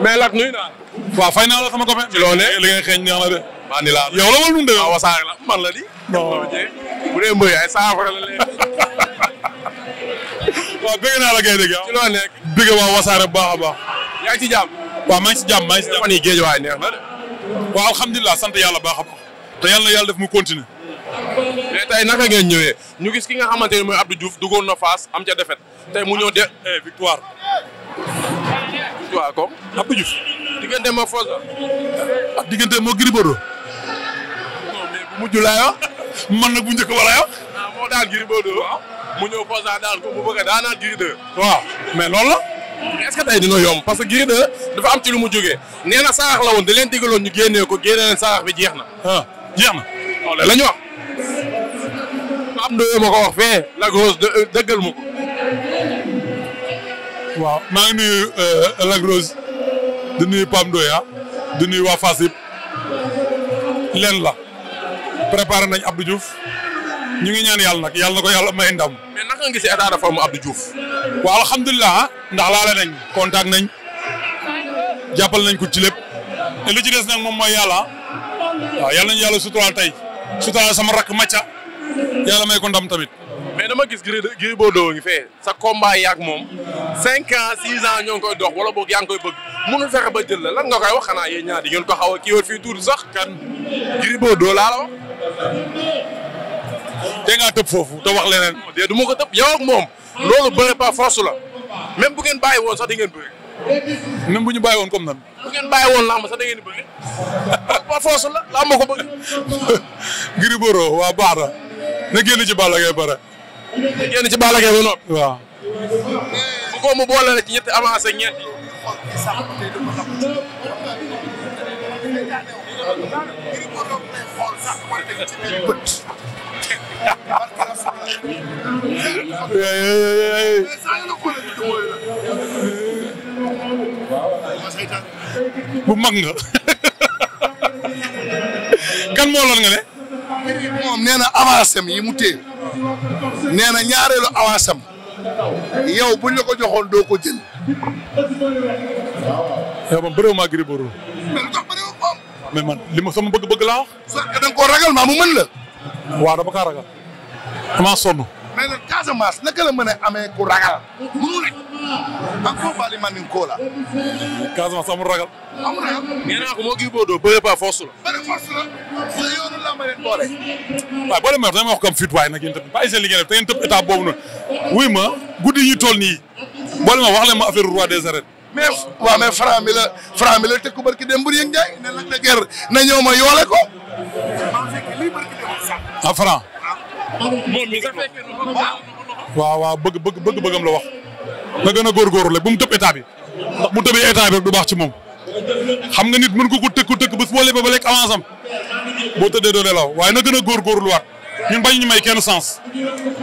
mais lak nuyu naa. waaw fay naa la sama copain. ci loolee li ngay xeeñ neex na de. maa la wala nu mu demee wasaare la man la di. bu dee mbëy ay saafara la naa la kay dégg yow. ci loo waa wasaare baax a baax. yaa ngi ci jàmm. waaw maa ngi ci jàmm maa ngi ci jàmm fan neex na de. waaw alhamdulilah sant yàlla baax a baax. te yàlla yàlla def mu continuer. mais tey naka ngeen ñëwee. ñu gis ki nga xamante ne mooy Abdou Diouf duggoon na Fass am ca défaite. tey mu ñëw de eh, victoire. Abdou Diouf. diggante moo Forza. ak ah, moo Gris Bordeaux. non mais bu man nag bu njëkk wala yor. Ah, moo daal Gris Bordeaux. waaw mu ñëw Forza daan ko bu bëgg a daanaat Gris waaw mais loolu la. est que tey dina yom parce que Gris dafa am ci lu mu jógee nee na sarax la woon da leen digaloon ñu génnee ko génne leen sarax bi jeex na. ah jeex na loolu la ñu am ndoye ko wax fee la grosse dëggal ma waaw maa ngi nuyu euh, la di nuyu Pam Ndoya ah, di nuyu waa Fass yëpp leen la nañ Abdou Diouf ñu ngi ñaan yàlla nag yàlla na ko yàlla may ndam. mais ngi nga gisee état de forme Abdou Diouf. waaw alhamdulilah ah, ndax laale nañ. contact nañ jàppal nañ ko ci lépp te li ci des nag moom mooy yàlla ah. waaw yàlla nañ yàlla suturaal tey suturaal sama rakk macca yàlla may ko ndam tamit. mais dama gis Gris Gris Bordeaux ngi fee sa combat yaak moom cinq ans six ans ñoo ngi koy dox wala boog yaa ngi koy bëgg. mënul fexe ba jël la lan nga koy wax xanaa yéen ñaar di ngeen ko xaw a kii wër fii tuuti sax kan Gris Bordeaux laa la wax. te tëb foofu te wax leneen de du ko tëb yow ak moom loolu bëre par force la même bu ngeen bàyyi woon sax di ngeen bëre. même bu ñu bàyyi woon comme nan. bu ngeen bàyyi woon làmb sax da ngeen di bëre. par force la làmb ko bëgg. Gris Bordeaux waa baax na na ci Balla Gaye bare. na génn ci Balla Gaye ba noppi. waaw. bu ko mu boole la ci ñetti avancé ñeenti. bu mag nga. kan moo loon nga ne. moom nee na yi mu téye nee ñaareelu avancé yow buñ la ko joxoon doo ko jël. yow man bëriwuma ak Gris Bordeaux. mais li ma sama bëgg-bëgg laa wax. sax da nga koo ragal maa mu mën la. waaw dama kaa ragal. damaa sonn. mais nag la man koo la. Casamance amul ragal. amul ragal. ma leen wax comme fit waaye nag yéen tëb état boobu noonu. wuy ma guddi yi ñu nii. boole ma wax leen ma affaire roi des arènes. mais waaw mais franc la franc bi la tëkku barki dem bu yëg Ndiaye ne la na ñëw ma yoole ko. ah franc. moom mi sax waaw waaw bëgg bëgg bëgg bëggam la wax. na gën a góor góorgóorlu rek bu mu tëb état bi ndax bu tëbee état bi rek du baax ci moom xam nga nit mën ko ko tëkku tëkk bés boo lebee ba lekk avance am boo tëddee doo nelaw waaye na gën a góorgóorluwaat ñun bañ ñu may kenn sens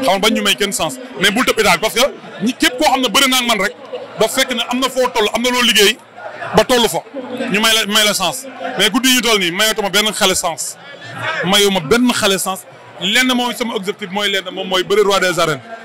xam nga bañ may kenn sens mais bul tëb état parce que ñi képp koo xam ne bëri naa man rek da fekk ne am na foo toll am na loo ba toll fa ñu may la may la sens mais guddi ñu toll nii ma benn xale sens ma benn xale sens lenn mooy sama objectif mooy lenn moom mooy bëri roi des arènes